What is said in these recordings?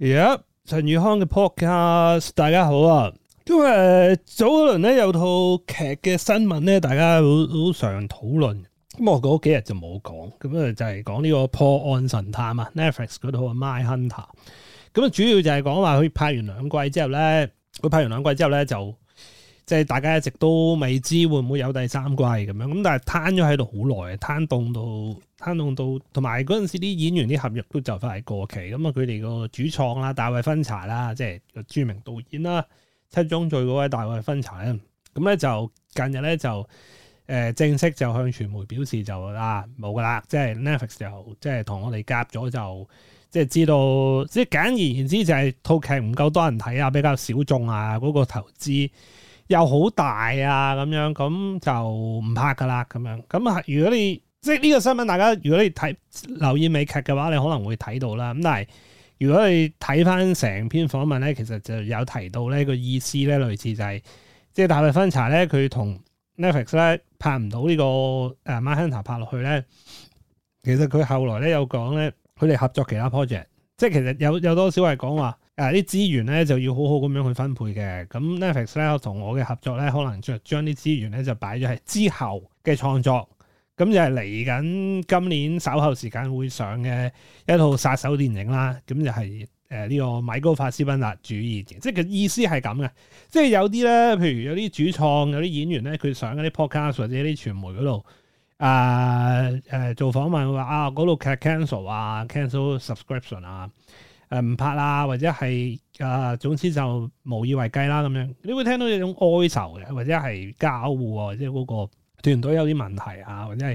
yep 陳宇康嘅 podcast，大家好啊！咁誒，早嗰輪咧有套劇嘅新聞咧，大家好，好常討論。咁我嗰幾日就冇講，咁啊就係講呢個破案神探啊，Netflix 嗰套啊 Mindhunter。咁啊，主要就係講話佢拍完兩季之後咧，佢拍完兩季之後咧就。即係大家一直都未知會唔會有第三季咁樣，咁但係攤咗喺度好耐啊，攤凍到攤凍到，同埋嗰陣時啲演員啲合約都就快係過期，咁啊佢哋個主創啦，大衛芬查啦，即係著名導演啦，《七宗罪》嗰位大衛芬查咧，咁咧就近日咧就誒正式就向傳媒表示啊了就啊冇㗎啦，即係 Netflix 就即係同我哋夾咗就即係知道，即係簡而言之就係套劇唔夠多人睇啊，比較小眾啊，嗰個投資又好大啊！咁樣咁就唔拍噶啦咁樣咁啊！如果你即係呢個新聞，大家如果你睇留意美劇嘅話，你可能會睇到啦。咁但係如果你睇翻成篇訪問咧，其實就有提到呢、呢個意思咧，類似就係、是、即係大衛芬查咧，佢同 Netflix 咧拍唔到、這個呃、呢個誒《Mindhunter》拍落去咧，其實佢後來咧有講咧，佢哋合作其他 project，即係其實有有多少係講話說。啊！啲資源咧就要好好咁樣去分配嘅。咁 Netflix 咧同我嘅合作咧，可能將將啲資源咧就擺咗喺之後嘅創作。咁就係嚟緊今年稍後時間會上嘅一套殺手電影啦。咁就係、是、呢、啊呢個米高法斯賓達主演嘅。即係個意思係咁嘅。即係有啲咧，譬如有啲主創、有啲演員咧，佢上嗰啲 podcast 或者啲傳媒嗰度，誒、呃、誒、呃、做訪問話啊，嗰度 cancel 啊，cancel subscription 啊。誒唔、呃、拍啦，或者係誒、呃、總之就無以為繼啦咁樣，你會聽到有一種哀愁嘅，或者係交互，或者嗰個團隊有啲問題啊，或者係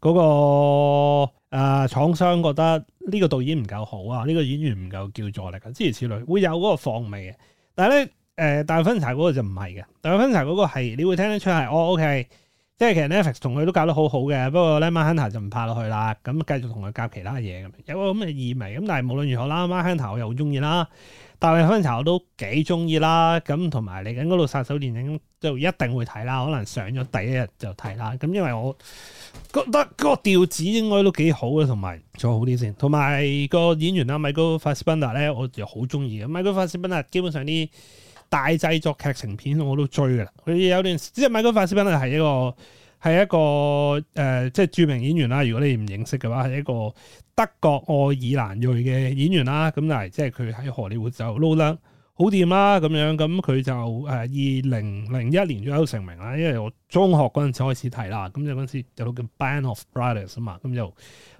嗰、那個廠、呃、廠商覺得呢個導演唔夠好啊，呢、這個演員唔夠叫座力啊諸如此類，會有嗰個放味嘅。但係咧誒大分茶嗰個就唔係嘅，大分茶嗰個係你會聽得出係哦 OK。即係其實 Netflix 同佢都教得好好嘅，不過咧，馬亨達就唔拍落去啦，咁繼續同佢教其他嘢咁，有個咁嘅意味。咁但係無論如何啦，馬亨達我又好中意啦，大衛芬查我都幾中意啦。咁同埋嚟緊嗰度殺手電影就一定會睇啦，可能上咗第一日就睇啦。咁因為我覺得個調子應該都幾好嘅，同埋做好啲先。同埋個演員啦，米高法斯賓達咧，我就好中意嘅。米高法斯賓達基本上啲……大製作劇情片我都追嘅啦，佢有段即係米高法斯賓達，係一個係一個誒、呃，即係著名演員啦。如果你唔認識嘅話，係一個德國愛爾蘭裔嘅演員啦。咁但係即係佢喺荷里活就撈得好掂啦，咁樣咁佢就誒二零零一年喺度成名啦。因為我中學嗰陣時開始睇啦，咁就嗰時有套叫《Band of Brothers》啊嘛，咁就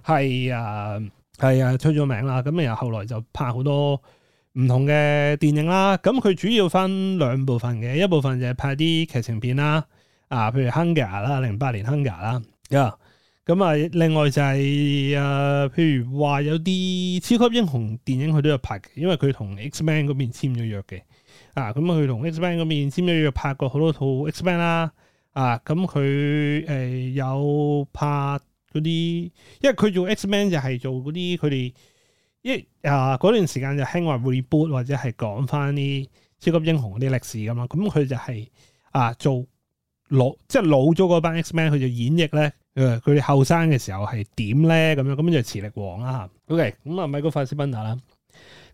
係啊係啊出咗名啦。咁又後來就拍好多。唔同嘅電影啦，咁佢主要分兩部分嘅，一部分就係拍啲劇情片啦，啊，譬如 Hunger 啦、er, 啊，零八年 Hunger 啦，咁啊，另外就係、是啊、譬如話有啲超級英雄電影佢都有拍嘅，因為佢同 X Man 嗰邊簽咗約嘅，啊，咁佢同 X Man 嗰邊簽咗約，拍過好多套 X Man 啦，啊，咁、嗯、佢、呃、有拍嗰啲，因為佢做 X Man 就係做嗰啲佢哋。啊，嗰段時間就興話 reboot 或者係講翻啲超級英雄嗰啲歷史咁，咁佢就係、是、啊做老，即係老咗嗰班 X-Men，佢就演繹咧，誒佢哋後生嘅時候係點咧，咁樣呢，咁就磁力王啦吓 OK，咁、嗯、啊，米高法斯賓達啦，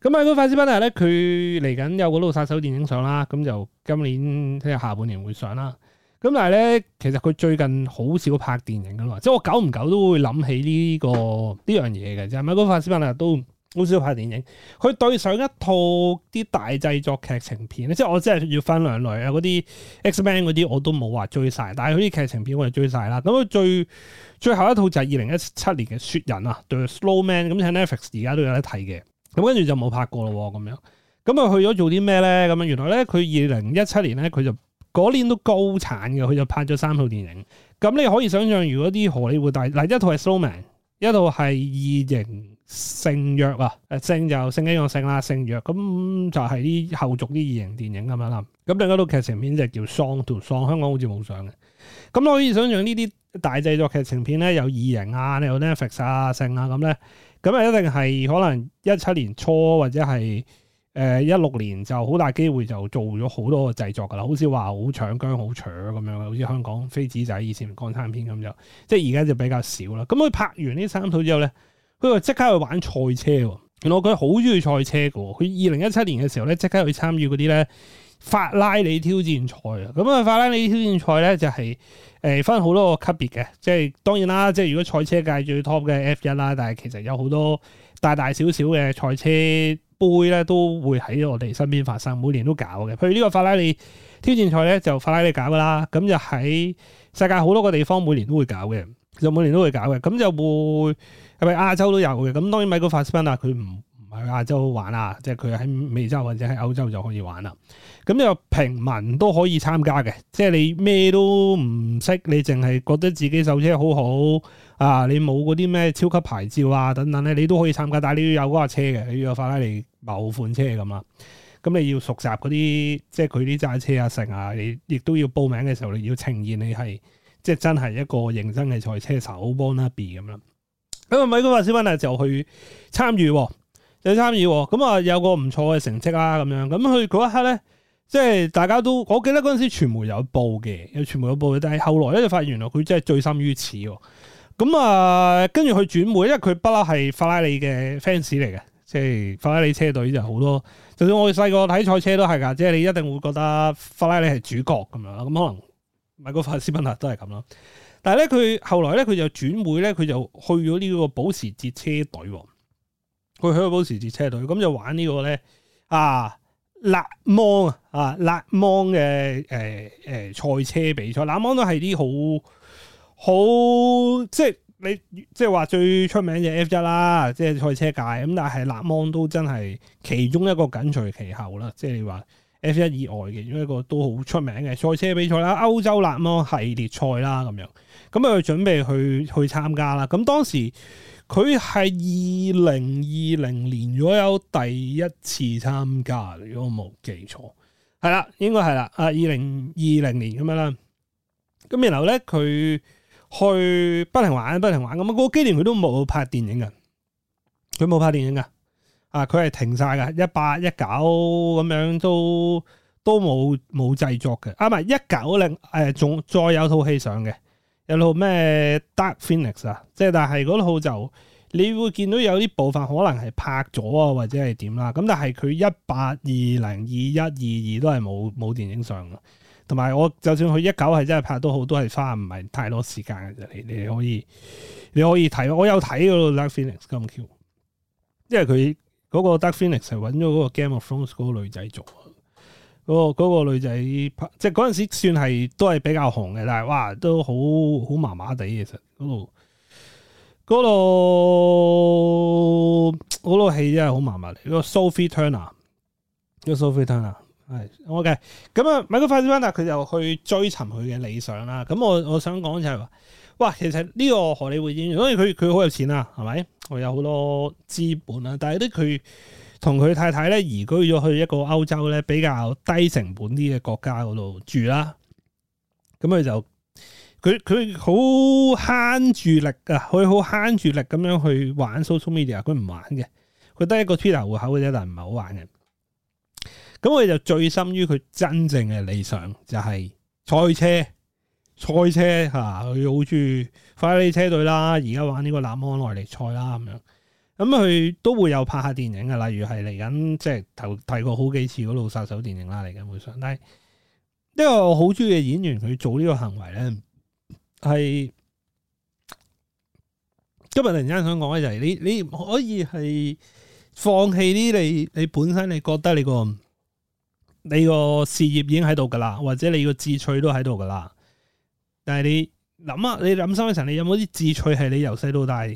咁、嗯、米高法斯賓達咧，佢嚟緊有嗰套殺手電影上啦，咁就今年即係下半年會上啦。咁但係咧，其實佢最近好少拍電影噶嘛，即係我久唔久都會諗起呢、這個呢樣嘢嘅。即、這、係、個就是、米高法斯賓達都。好少拍電影，佢對上一套啲大製作劇情片咧，即係我真係要分兩類啊，嗰啲 X-Men 嗰啲我都冇話追晒，但係佢啲劇情片我就追晒啦。咁佢最最後一套就係二零一七年嘅《雪人》啊，《對 Slowman》，咁喺 Netflix 而家都有得睇嘅。咁跟住就冇拍過咯，咁樣。咁啊去咗做啲咩咧？咁樣原來咧佢二零一七年咧佢就嗰年都高產嘅，佢就拍咗三套電影。咁你可以想象，如果啲荷里活大嗱，一套係 Slowman，一套係異形。聖約啊，誒聖就聖一樣聖啦，聖約咁就係啲後續啲異形電影咁樣啦。咁另外一套劇情片就叫《Song to Song》，香港好似冇上嘅。咁我可以想象呢啲大製作劇情片咧，有異形啊，有 Netflix 啊、聖啊咁咧，咁啊一定係可能一七年初或者係誒一六年就好大機會就做咗好多個製作噶啦。好似話好搶姜、好搶咁樣，好似香港飛紙仔以前港產片咁就，即係而家就比較少啦。咁佢拍完呢三套之後咧。佢話即刻去玩賽車喎，原來佢好中意賽車嘅。佢二零一七年嘅時候咧，即刻去參與嗰啲咧法拉利挑戰賽啊。咁啊，法拉利挑戰賽咧就係誒分好多個級別嘅，即係當然啦，即係如果賽車界最 top 嘅 F 一啦，但係其實有好多大大小小嘅賽車杯咧都會喺我哋身邊發生，每年都搞嘅。譬如呢個法拉利挑戰賽咧就法拉利搞㗎啦，咁就喺世界好多個地方每年都會搞嘅。就每年都會搞嘅，咁就會係咪亞洲都有嘅？咁當然米高法斯賓達啦，佢唔唔係亞洲好玩啊，即係佢喺美洲或者喺歐洲就可以玩啦。咁又平民都可以參加嘅，即係你咩都唔識，你淨係覺得自己手車好好啊，你冇嗰啲咩超級牌照啊等等咧，你都可以參加，但係你要有嗰架車嘅，你要有法拉利某款車咁啊。咁你要熟習嗰啲，即係佢啲揸車啊成啊，你亦都要報名嘅時候你要呈現你係。即係真係一個認真嘅賽車手，Bonabi 咁啦。咁啊，咪個小賓啊就去參與，就參與。咁啊，有個唔錯嘅成績啦，咁樣。咁佢嗰一刻咧，即係大家都，我記得嗰陣時傳媒有報嘅，有傳媒有報嘅，但係後來咧就發現原來佢真係醉心於此。咁啊，跟住佢轉會，因為佢不嬲係法拉利嘅 fans 嚟嘅，即係法拉利車隊就好多。就算我細個睇賽車都係噶，即係你一定會覺得法拉利係主角咁樣。咁可能。咪個法斯賓達都係咁咯，但係咧佢後來咧佢就轉會咧，佢就去咗呢個保時捷車隊。佢去咗保時捷車隊，咁就玩呢個咧啊，勒芒啊，勒芒嘅誒誒賽車比賽。勒芒都係啲好好，即係你即係話最出名嘅 F 一啦，即係賽車界咁。但係勒芒都真係其中一個緊隨其後啦，即係你話。1 F 一以外嘅，因為一個都好出名嘅賽車比賽啦，歐洲勒摩系列賽啦，咁樣，咁啊佢準備去去參加啦。咁當時佢係二零二零年，左右第一次參加，如果我冇記錯，係啦，應該係啦，啊二零二零年咁樣啦。咁然後咧，佢去不停玩，不停玩。咁啊，嗰幾年佢都冇拍電影嘅，佢冇拍電影噶。啊！佢係停晒㗎，一八一九咁樣都都冇冇製作嘅。啊，唔係，19，嗯、一九零誒，仲再有套戲上嘅，有套咩 Dark Phoenix 啊。即係但係嗰套就，你會見到有啲部分可能係拍咗啊，或者係點啦。咁但係佢一八二零二一二二都係冇冇電影上嘅。同埋我就算佢一九係真係拍都好，都係花唔係太多時間嘅。你你可以你可以睇，我有睇嗰套 Dark Phoenix。咁 Q，因為佢。嗰個 Dark Phoenix 係揾咗嗰個 Game of Thrones 嗰、嗰個嗰個女仔做，嗰個女仔即係嗰陣時算係都係比較紅嘅，但係哇都好好麻麻地，其實嗰度嗰度嗰度戲真係好麻麻。嗰、嗰個 Sophie Turner 叫 Sophie Turner 係 OK。咁啊 Michael Fassbender 佢就去追尋佢嘅理想啦。咁我我想講就係、係、話。哇，其實呢個荷里活演員，所以佢佢好有錢啊，係咪？我有好多資本啊，但係呢佢同佢太太咧移居咗去一個歐洲咧比較低成本啲嘅國家嗰度住啦。咁佢就佢佢好慳住力啊，佢好慳住力咁樣去玩 social media，佢唔玩嘅，佢得一個 Twitter 戶口嘅啫，但係唔係好玩嘅。咁佢就醉心於佢真正嘅理想，就係、是、賽車。賽車吓，佢好中意法拉利車隊啦。而家玩呢個南芒耐力賽啦，咁樣咁佢、嗯、都會有拍下電影嘅，例如係嚟緊即係頭提過好幾次嗰部殺手電影啦，嚟緊會上。但係呢個好中意嘅演員佢做呢個行為咧，係今日突然間想講咧，就係你你可以係放棄啲你你本身你覺得你個你個事業已經喺度噶啦，或者你個志趣都喺度噶啦。但係你諗下、啊，你諗深一層你有冇啲志趣係你由細到大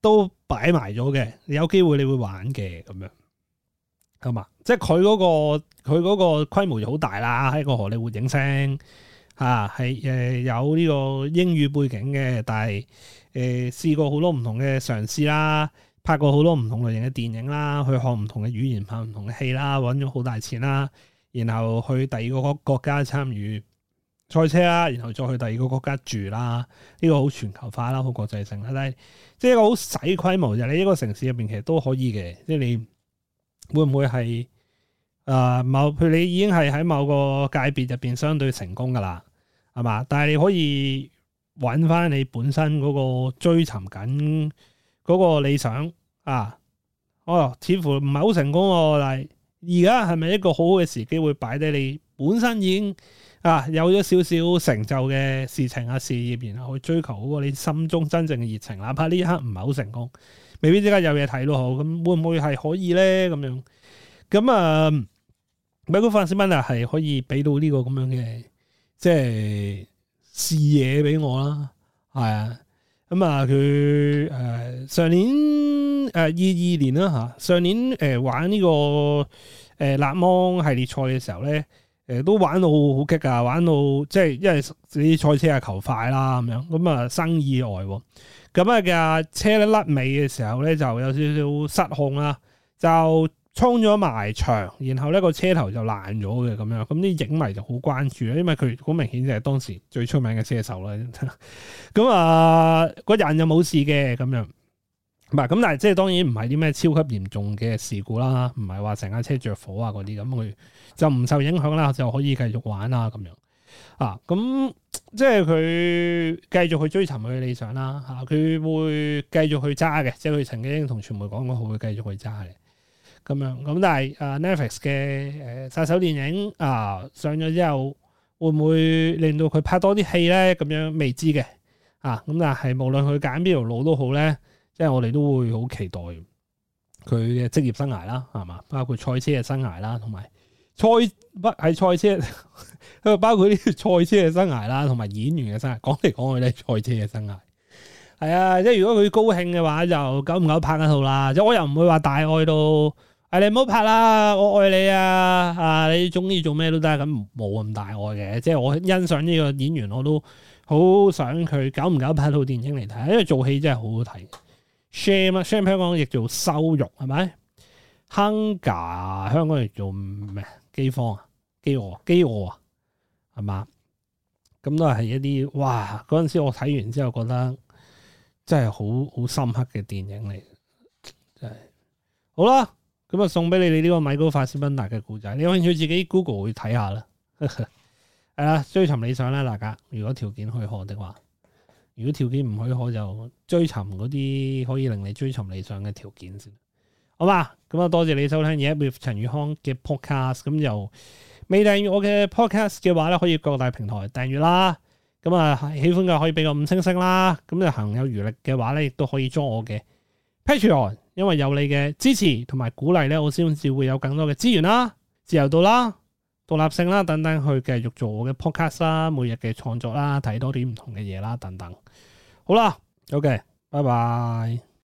都擺埋咗嘅？你有機會你會玩嘅咁樣，咁啊，即係佢嗰個佢個規模就好大啦，喺個荷里活影星啊，係誒有呢個英語背景嘅，但係誒試過好多唔同嘅嘗試啦，拍過好多唔同類型嘅電影啦，去學唔同嘅語言，拍唔同嘅戲啦，揾咗好大錢啦，然後去第二個國國家參與。賽車啦，然後再去第二個國家住啦，呢個好全球化啦，好國際性啦。但係即係一個好細規模就係，你一個城市入邊其實都可以嘅。即係你會唔會係誒某？譬如，你已經係喺某個界別入邊相對成功噶啦，係嘛？但係你可以揾翻你本身嗰個追尋緊嗰個理想啊。哦，似乎唔係好成功，但係而家係咪一個好好嘅時機會擺低你本身已經？啊，有咗少少成就嘅事情啊，事業，然後去追求嗰個你心中真正嘅熱情。哪怕呢一刻唔係好成功，未必即刻有嘢睇咯，好？咁會唔會係可以咧？咁樣，咁、嗯、啊美 i 法 h a e l 啊，係可以俾到呢個咁樣嘅，即係視野俾我啦，係啊。咁啊，佢誒上年誒二二年啦吓，上年誒、呃啊呃、玩呢、這個誒納、呃、芒系列賽嘅時候咧。誒，都玩到好激啊，玩到即係因為啲賽車啊求快啦咁樣，咁啊生意外，咁啊架車咧甩尾嘅時候咧就有少少失控啦，就衝咗埋牆，然後咧個車頭就爛咗嘅咁樣，咁啲影迷就好關注啊，因為佢好明顯就係當時最出名嘅車手啦，咁啊個人又冇事嘅咁樣。啊唔係咁，但係即係當然唔係啲咩超級嚴重嘅事故啦，唔係話成架車着火啊嗰啲咁，佢就唔受影響啦，就可以繼續玩啦咁樣啊。咁、嗯、即係佢繼續去追尋佢嘅理想啦。吓，佢會繼續去揸嘅，即係佢曾經同傳媒講過佢會繼續去揸嘅。咁樣咁，但係、啊、Netflix 嘅誒殺手電影啊上咗之後，會唔會令到佢拍多啲戲咧？咁樣未知嘅啊。咁但係無論佢揀邊條路都好咧。即係我哋都會好期待佢嘅職業生涯啦，係嘛？包括賽車嘅生涯啦，同埋賽不係賽車，包括呢賽車嘅生涯啦，同埋演員嘅生涯。講嚟講去呢係賽車嘅生涯，係啊！即係如果佢高興嘅話，就久唔久拍一套啦？即係我又唔會話大愛到，哎你唔好拍啦，我愛你啊！啊你中意做咩都得，咁冇咁大愛嘅。即係我欣賞呢個演員，我都好想佢久唔久拍套電影嚟睇，因為做戲真係好好睇。shame 啊，shame 香港亦做羞辱，係咪？hunger 香港亦做咩？飢荒啊，飢餓，飢餓啊，係嘛？咁都係一啲哇！嗰陣時我睇完之後覺得真係好好深刻嘅電影嚟，真係好啦。咁啊送俾你，你呢個米高法斯賓達嘅故仔，你有興趣自己 Google 去睇下啦。係 啦，追尋理想啦，大家，如果條件可以看的話。如果條件唔許可，就追尋嗰啲可以令你追尋理想嘅條件先，好嘛？咁、嗯、啊，多謝你收聽嘢 with 陳宇康嘅 podcast。咁又未訂閱我嘅 podcast 嘅話咧，可以各大平台訂閱啦。咁、嗯、啊，喜歡嘅可以俾個五星星啦。咁、嗯、就行有餘力嘅話咧，亦都可以裝我嘅 patreon，因為有你嘅支持同埋鼓勵咧，我先至會有更多嘅資源啦、自由度啦。獨立性啦，等等，去繼續做我嘅 podcast 啦，每日嘅創作啦，睇多啲唔同嘅嘢啦，等等。好啦，OK，拜拜。